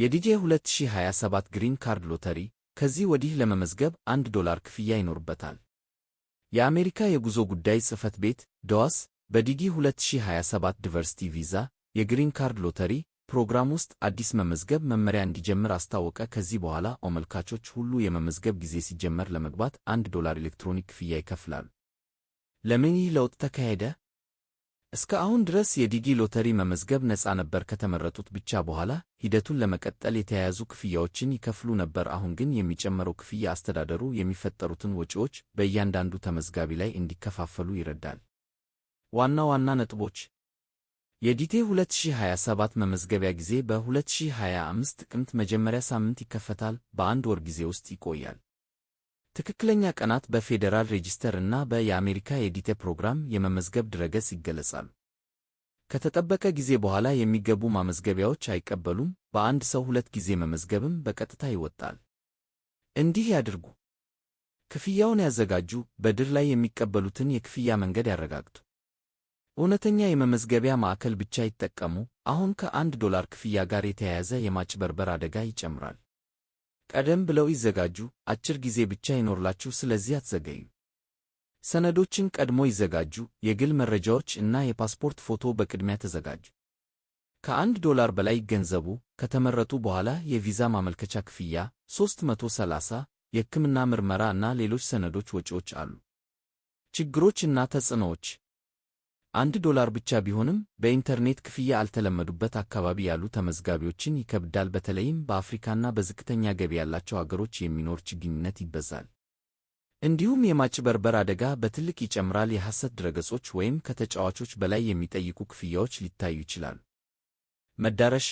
የዲጄ 2027 ግሪን ካርድ ሎተሪ ከዚህ ወዲህ ለመመዝገብ አንድ ዶላር ክፍያ ይኖርበታል። የአሜሪካ የጉዞ ጉዳይ ጽህፈት ቤት ዶዋስ በዲጂ 2027 ዲቨርሲቲ ቪዛ የግሪን ካርድ ሎተሪ ፕሮግራም ውስጥ አዲስ መመዝገብ መመሪያ እንዲጀምር አስታወቀ። ከዚህ በኋላ አመልካቾች ሁሉ የመመዝገብ ጊዜ ሲጀመር ለመግባት አንድ ዶላር ኤሌክትሮኒክ ክፍያ ይከፍላሉ። ለምን ይህ ለውጥ ተካሄደ? እስከ አሁን ድረስ የዲጊ ሎተሪ መመዝገብ ነፃ ነበር። ከተመረጡት ብቻ በኋላ ሂደቱን ለመቀጠል የተያያዙ ክፍያዎችን ይከፍሉ ነበር። አሁን ግን የሚጨመረው ክፍያ አስተዳደሩ የሚፈጠሩትን ወጪዎች በእያንዳንዱ ተመዝጋቢ ላይ እንዲከፋፈሉ ይረዳል። ዋና ዋና ነጥቦች የዲቴ 2027 መመዝገቢያ ጊዜ በ2025 ጥቅምት መጀመሪያ ሳምንት ይከፈታል። በአንድ ወር ጊዜ ውስጥ ይቆያል። ትክክለኛ ቀናት በፌዴራል ሬጂስተር እና በየአሜሪካ የዲተ ፕሮግራም የመመዝገብ ድረገጽ ይገለጻሉ። ከተጠበቀ ጊዜ በኋላ የሚገቡ ማመዝገቢያዎች አይቀበሉም። በአንድ ሰው ሁለት ጊዜ መመዝገብም በቀጥታ ይወጣል። እንዲህ ያድርጉ። ክፍያውን ያዘጋጁ። በድር ላይ የሚቀበሉትን የክፍያ መንገድ ያረጋግጡ። እውነተኛ የመመዝገቢያ ማዕከል ብቻ ይጠቀሙ። አሁን ከአንድ ዶላር ክፍያ ጋር የተያያዘ የማጭበርበር አደጋ ይጨምራል። ቀደም ብለው ይዘጋጁ። አጭር ጊዜ ብቻ ይኖርላችሁ፣ ስለዚህ አትዘገዩ። ሰነዶችን ቀድሞ ይዘጋጁ። የግል መረጃዎች እና የፓስፖርት ፎቶ በቅድሚያ ተዘጋጁ። ከአንድ ዶላር በላይ ይገንዘቡ። ከተመረጡ በኋላ የቪዛ ማመልከቻ ክፍያ 330፣ የሕክምና ምርመራ እና ሌሎች ሰነዶች ወጪዎች አሉ። ችግሮች እና ተጽዕኖዎች አንድ ዶላር ብቻ ቢሆንም በኢንተርኔት ክፍያ አልተለመዱበት አካባቢ ያሉ ተመዝጋቢዎችን ይከብዳል። በተለይም በአፍሪካና በዝቅተኛ ገቢ ያላቸው አገሮች የሚኖር ችግኝነት ይበዛል። እንዲሁም የማጭበርበር አደጋ በትልቅ ይጨምራል። የሐሰት ድረገጾች ወይም ከተጫዋቾች በላይ የሚጠይቁ ክፍያዎች ሊታዩ ይችላሉ። መዳረሻ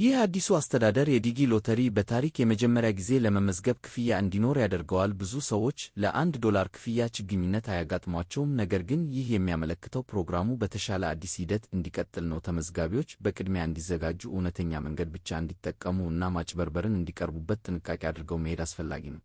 ይህ አዲሱ አስተዳደር የዲጊ ሎተሪ በታሪክ የመጀመሪያ ጊዜ ለመመዝገብ ክፍያ እንዲኖር ያደርገዋል። ብዙ ሰዎች ለአንድ ዶላር ክፍያ ችግኝነት አያጋጥሟቸውም። ነገር ግን ይህ የሚያመለክተው ፕሮግራሙ በተሻለ አዲስ ሂደት እንዲቀጥል ነው። ተመዝጋቢዎች በቅድሚያ እንዲዘጋጁ፣ እውነተኛ መንገድ ብቻ እንዲጠቀሙ እና ማጭበርበርን እንዲቀርቡበት ጥንቃቄ አድርገው መሄድ አስፈላጊ ነው።